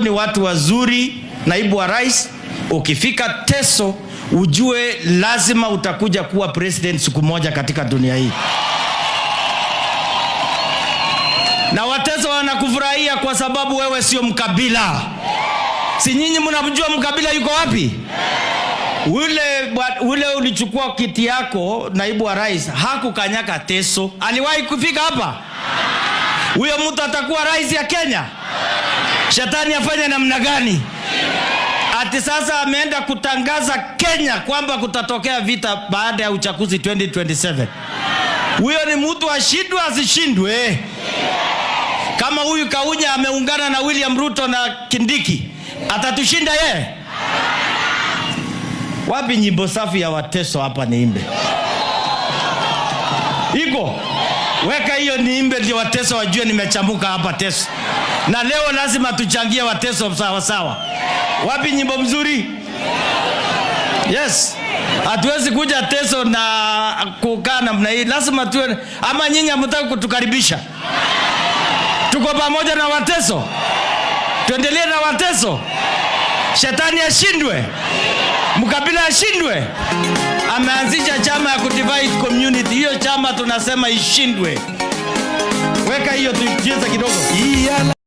ni watu wazuri. Naibu wa rais, ukifika Teso ujue lazima utakuja kuwa president siku moja katika dunia hii, na Wateso wanakufurahia kwa sababu wewe sio mkabila. Si nyinyi mnamjua mkabila yuko wapi? Ule, ule ulichukua kiti yako, naibu wa rais hakukanyaka Teso. Aliwahi kufika hapa? Huyo mtu atakuwa rais ya Kenya? shetani afanye namna gani? Ati sasa ameenda kutangaza Kenya kwamba kutatokea vita baada ya uchaguzi 2027. Huyo ni mtu ashindwe asishindwe. Kama huyu Kaunya ameungana na William Ruto na Kindiki, atatushinda yeye? Wapi nyimbo safi ya Wateso hapa niimbe? Iko Weka hiyo niimbe, ndio Wateso wajue nimechambuka hapa Teso, na leo lazima tuchangie Wateso sawa sawa. Wapi nyimbo mzuri? Yes, hatuwezi kuja Teso na kukaa namna hii, lazima tuwe ama. Nyinyi hamtaki kutukaribisha? Tuko pamoja na Wateso, tuendelee na Wateso. Shetani ashindwe, mkabila ashindwe. Ameanzisha chama ya kudivide community, hiyo chama tunasema ishindwe. Weka hiyo tucheze kidogo.